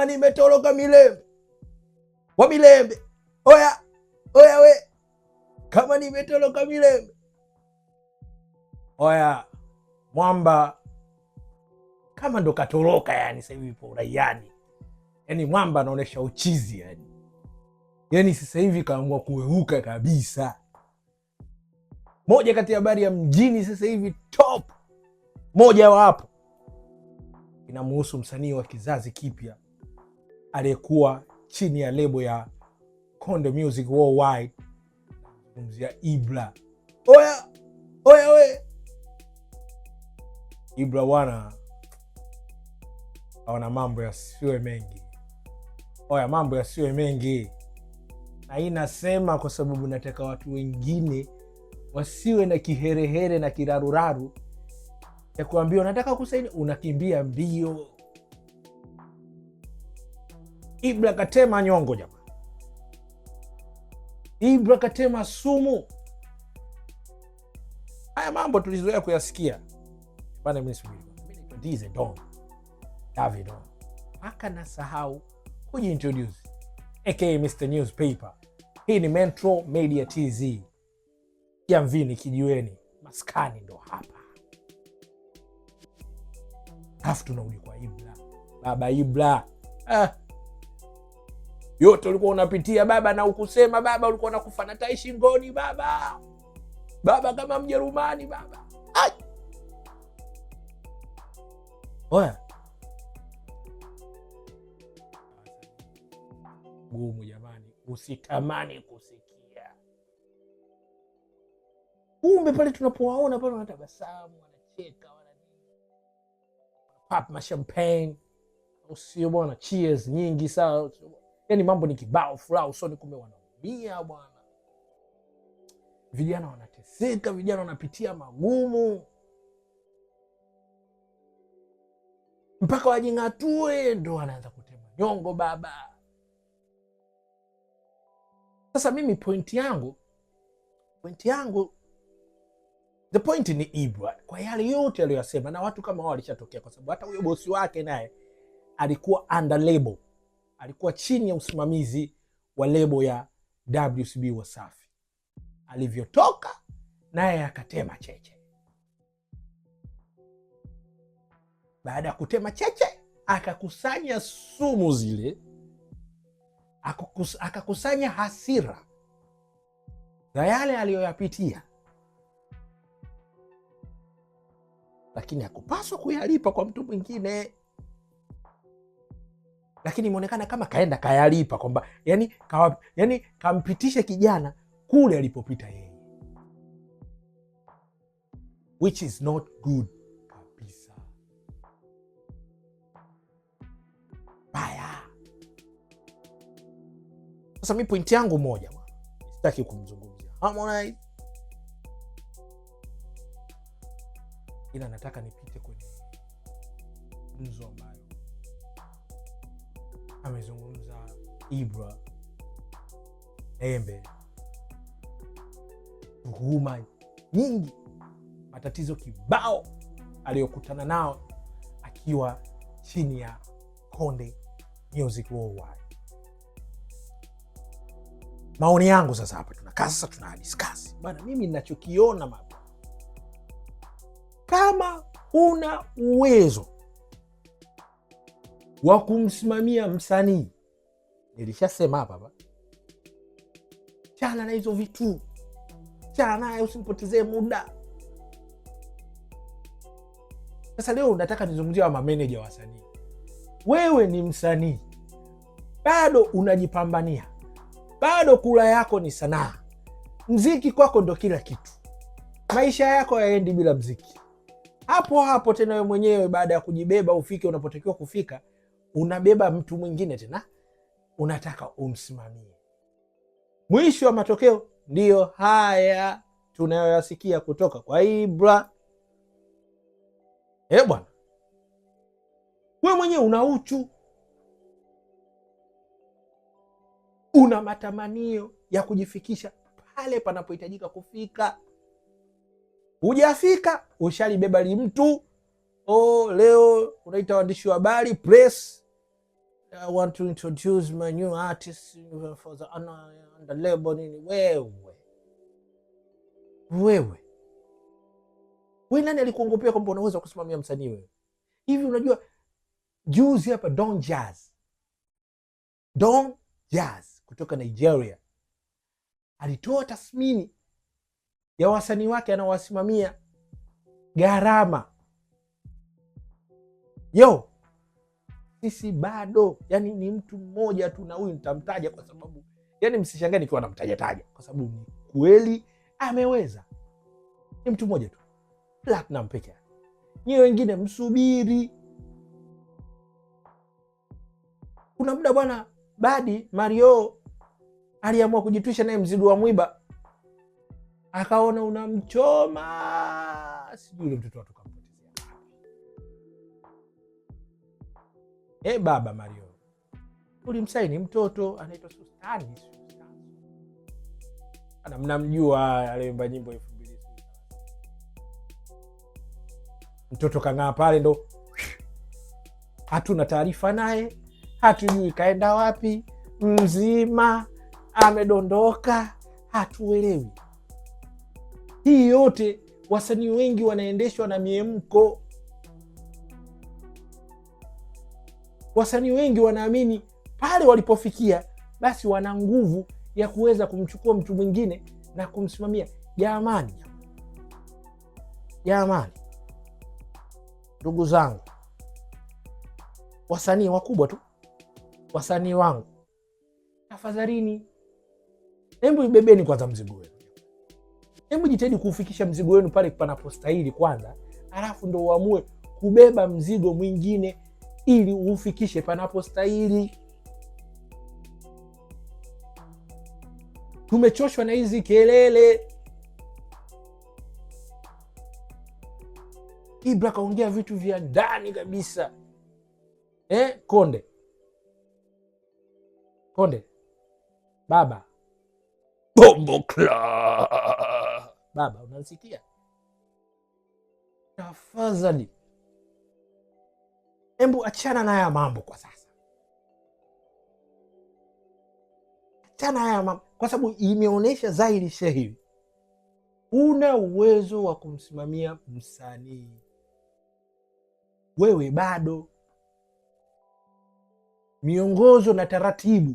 kama nimetoroka Milembe wa Milembe, oya oya, we kama nimetoroka Milembe, oya mwamba kama ndo katoroka yani, sasa hivi ipo uraiani yani, mwamba anaonyesha uchizi yani, yani sasa hivi kaamua kuweuka kabisa. Moja kati ya habari ya mjini sasa hivi top moja wapo inamuhusu msanii wa kizazi kipya aliyekuwa chini ya lebo ya Konde Music Worldwide, kumzia Ibra. Oya oya, we Ibra wana aona mambo yasiwe mengi. Oya, mambo yasiwe mengi, na hii nasema kwa sababu nataka watu wengine wasiwe na kiherehere na kiraruraru ya kuambia unataka kusaini, unakimbia mbio Ibra katema nyongo jamaa, Ibra katema sumu. Haya mambo tulizoea kuyasikia bana. Mimi don nasahau kujiintroduce, aka Mr Newspaper. Hii ni Metro Media TZ, jamvini kijiweni, maskani ndo hapa alafu tunarudi kwa Ibra, baba Ibra ah yote ulikuwa unapitia baba, na ukusema baba, ulikuwa nakufa na tai shingoni baba, baba kama Mjerumani baba. Ay, oya gumu jamani, usitamani kusikia. Kumbe pale tunapowaona pale wanatabasamu, wanacheka, wanapap mashampagne, usio bwana, cheers nyingi sana yani mambo ni kibao furaha usoni, kumbe wanaumia bwana. Vijana wanateseka, vijana wanapitia magumu mpaka wajing'atue, ndo wanaanza kutema nyongo baba. Sasa mimi pointi yangu pointi yangu the point ni ibwa kwa yale yote aliyoyasema, na watu kama wao walishatokea, kwa sababu hata huyo bosi wake naye alikuwa under label alikuwa chini ya usimamizi wa lebo ya WCB Wasafi. Alivyotoka naye akatema cheche. Baada ya kutema cheche, akakusanya sumu zile, akakusanya hasira za yale aliyoyapitia, lakini hakupaswa kuyalipa kwa mtu mwingine lakini imeonekana kama kaenda kayalipa kwamba yani, yani kampitisha kijana kule alipopita yeye, which is not good kabisa, baya. Sasa mi pointi yangu moja, sitaki kumzungumzia Harmonize, ila nataka nipite kwenye mzo ambayo amezungumza Ibra, Embe, tuhuma nyingi, matatizo kibao aliyokutana nao akiwa chini ya Konde Music Worldwide. Maoni yangu sasa, hapa tunakaa sasa, tunadiskasi bana, mimi ninachokiona mama, kama huna uwezo wa kumsimamia msanii. Nilishasema hapa hapa, chana na hizo vitu, chana naye, usimpotezee muda. Sasa leo nataka nizungumzia wa mameneja wa wasanii. Wewe ni msanii bado unajipambania, bado kula yako ni sanaa, mziki kwako ndo kila kitu. Maisha yako hayaendi bila mziki. Hapo hapo tena wewe mwenyewe, baada ya kujibeba ufike unapotakiwa kufika, unabeba mtu mwingine tena, unataka umsimamie. Mwisho wa matokeo ndiyo haya tunayoyasikia kutoka kwa Ibra. Eh bwana, we mwenyewe una uchu, una matamanio ya kujifikisha pale panapohitajika kufika, hujafika, ushalibeba li mtu. Oh, leo unaita waandishi wa habari press I want to introduce my new artist for the honor and the label nini. Wewe wewe wewe, nani alikuongopea kwamba unaweza kusimamia msanii wewe? Hivi unajua juzi hapa Don Jazz, Don Jazz kutoka Nigeria alitoa tathmini ya wasanii wake anawasimamia gharama yo sisi bado yani ni mtu mmoja tu, na huyu nitamtaja kwa sababu yani msishangae nikiwa namtajataja kwa sababu ni kweli ameweza. Ni mtu mmoja tu Platinum peke yake, nyiwe wengine msubiri. Kuna muda bwana Badi Mario aliamua kujitwisha naye mzigo wa mwiba, akaona unamchoma sijui ule mtoto E baba Mario, ulimsaini mtoto anaitwa Sustani, mnamjua, aliimba nyimbo elfu mbili mtoto kang'aa pale, ndo hatuna taarifa naye, hatujui kaenda wapi, mzima amedondoka, hatuelewi. Hii yote wasanii wengi wanaendeshwa na miemko wasanii wengi wanaamini pale walipofikia, basi wana nguvu ya kuweza kumchukua mtu mwingine na kumsimamia. Jamani, jamani, ndugu zangu, wasanii wakubwa tu, wasanii wangu, tafadhalini, hebu ibebeni kwanza mzigo wenu, hebu jitahidi kuufikisha mzigo wenu pale panapostahili kwanza, alafu ndo uamue kubeba mzigo mwingine ili ufikishe panapostahili. Tumechoshwa na hizi kelele. Ibra kaongea vitu vya ndani kabisa eh? Konde Konde baba bombo kla baba, tafadhali? Hebu achana na haya mambo kwa sasa, achana haya mambo kwa sababu imeonyesha dhahiri shahiri una uwezo wa kumsimamia msanii, wewe bado. Miongozo na taratibu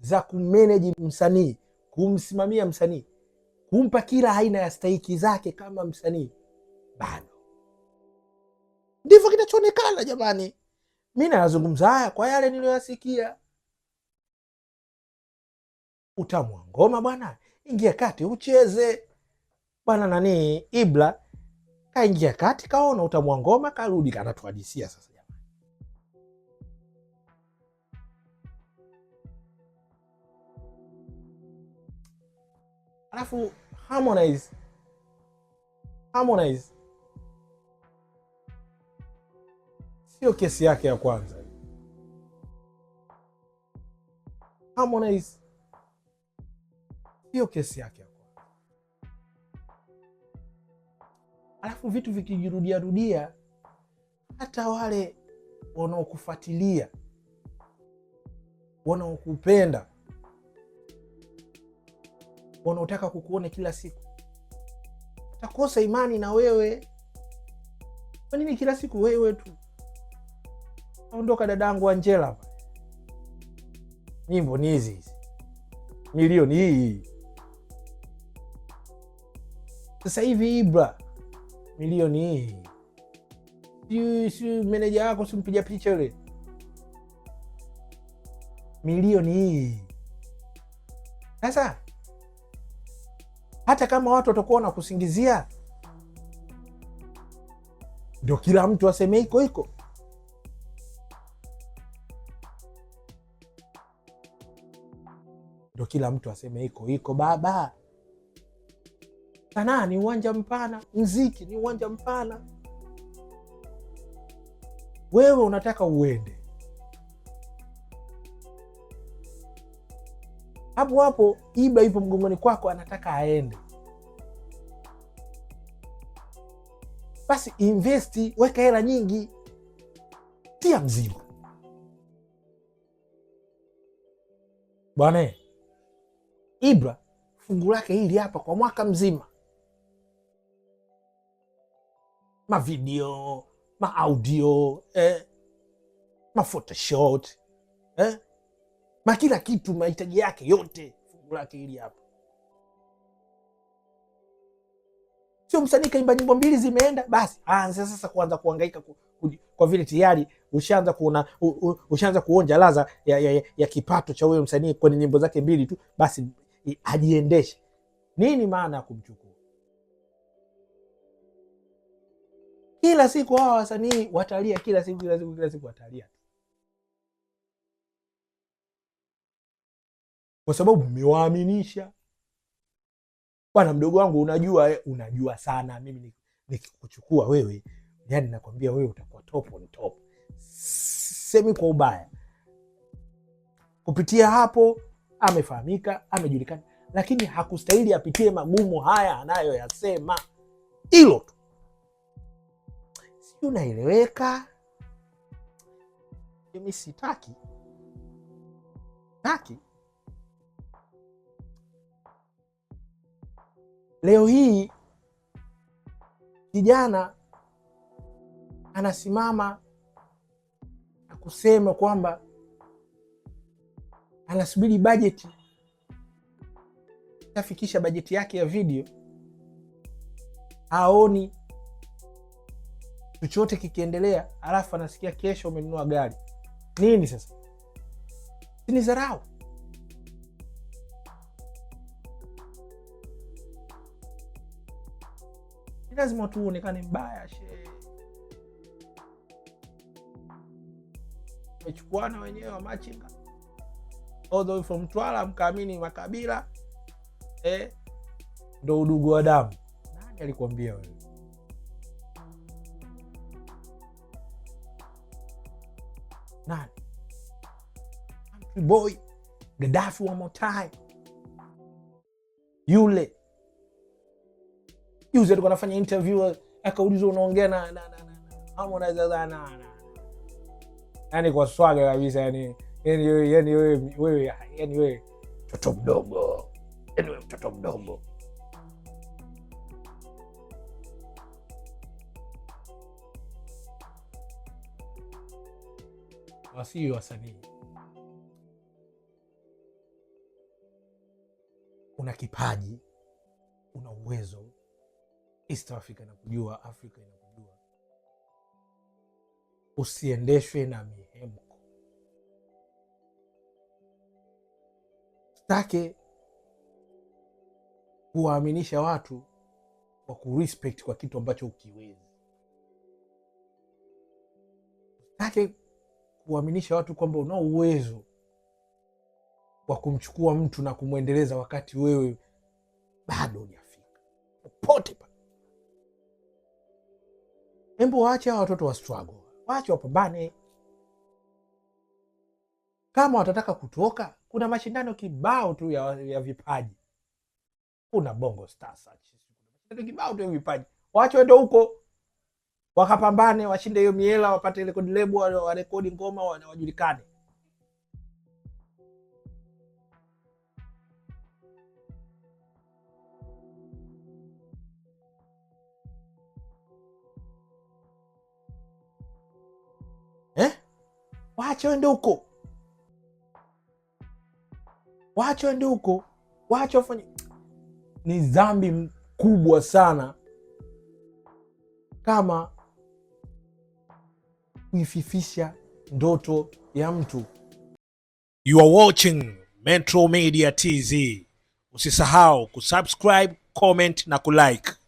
za kumeneji msanii, kumsimamia msanii, kumpa kila aina ya stahiki zake kama msanii, bado. Ndivyo kinachoonekana jamani mi nayazungumza haya kwa yale niliyoyasikia. Utamu wa ngoma bwana, ingia kati ucheze bwana. Nani Ibra kaingia kati, kaona utamu wa ngoma, karudi kanatuhadisia sasa. Alafu Harmonize Harmonize Sio kesi yake ya kwanza. Harmonize sio kesi yake ya kwanza. Alafu vitu vikijirudiarudia, hata wale wanaokufuatilia wanaokupenda wanaotaka kukuona kila siku takosa imani na wewe. Kwa nini kila siku wewe tu ondoka dadangu Angela, nyimbo ni hizi hizi, milioni hii hii. Sasa hivi Ibra milioni hii si meneja wako, si mpiga picha yule, milioni hii. Sasa hata kama watu watakuwa wanakusingizia, ndio kila mtu aseme iko iko kila mtu aseme iko iko. Baba, sanaa ni uwanja mpana, mziki ni uwanja mpana. Wewe unataka uende hapo hapo, iba ipo mgongoni kwako, anataka aende. Basi investi, weka hela nyingi, tia mzima bwana. Ibra fungu lake hili hapa kwa mwaka mzima, mavideo maaudio eh, mafotoshot eh, makila kitu, mahitaji yake yote fungu lake hili hapa. Sio msanii kaimba nyimbo mbili zimeenda basi, aanze sasa kuanza kuangaika ku, ku, kwa vile tayari ushaanza kuona ushaanza kuonja ladha ya, ya, ya, ya kipato cha huyo msanii kwenye nyimbo zake mbili tu basi ajiendeshe. Nini maana ya kumchukua? Kila siku hawa wasanii watalia, kila siku, kila siku, kila siku watalia tu, kwa sababu mmewaaminisha bwana, mdogo wangu, unajua eh, unajua sana, mimi nikikuchukua wewe, yani nakwambia wewe utakuwa top on top, semi kwa ubaya kupitia hapo amefahamika, amejulikana, lakini hakustahili apitie magumu haya anayoyasema. Hilo tu, sijui unaeleweka. Mimi sitaki taki leo hii kijana anasimama na kusema kwamba anasubiri bajeti, afikisha bajeti yake ya video, aoni chochote kikiendelea, alafu anasikia kesho umenunua gari. Nini sasa? Ni dharau. Ni lazima tu uonekane mbaya, she Mechukuana wenyewe wa machinga all from Mtwara mkaamini makabila eh, ndo udugu wa damu. Nani wewe? Nani? Country boy Gaddafi one more time, yule juzi alikuwa anafanya interview akaulizwa, unaongea na Harmonize na yaani kwa swaga kabisa yani yani wewe yani wewe wewe yani wewe mtoto mdogo, yani wewe mtoto mdogo. Wasii wasanii, una kipaji, una uwezo. East Africa inakujua, Afrika inakujua. Usiendeshwe na mihemko Usitake kuwaaminisha watu wa kurespect kwa kitu ambacho ukiwezi. Usitake kuwaaminisha watu kwamba una uwezo wa kumchukua mtu na kumwendeleza wakati wewe bado ujafika popote pa Hembu waache hawa watoto wa struggle, waache wapambane. Kama watataka kutoka, kuna mashindano kibao tu ya, ya vipaji. Kuna Bongo Star Search, mashindano kibao tu ya vipaji. Waache wende huko wakapambane, washinde hiyo miela, wapate rekodi lebo, warekodi ngoma, wajulikane. Eh? Waache wende huko wacho waende huko, waache wafanye. Ni dhambi kubwa sana kama kuififisha ndoto ya mtu. You are watching Metro Media TZ. Usisahau kusubscribe, comment na kulike.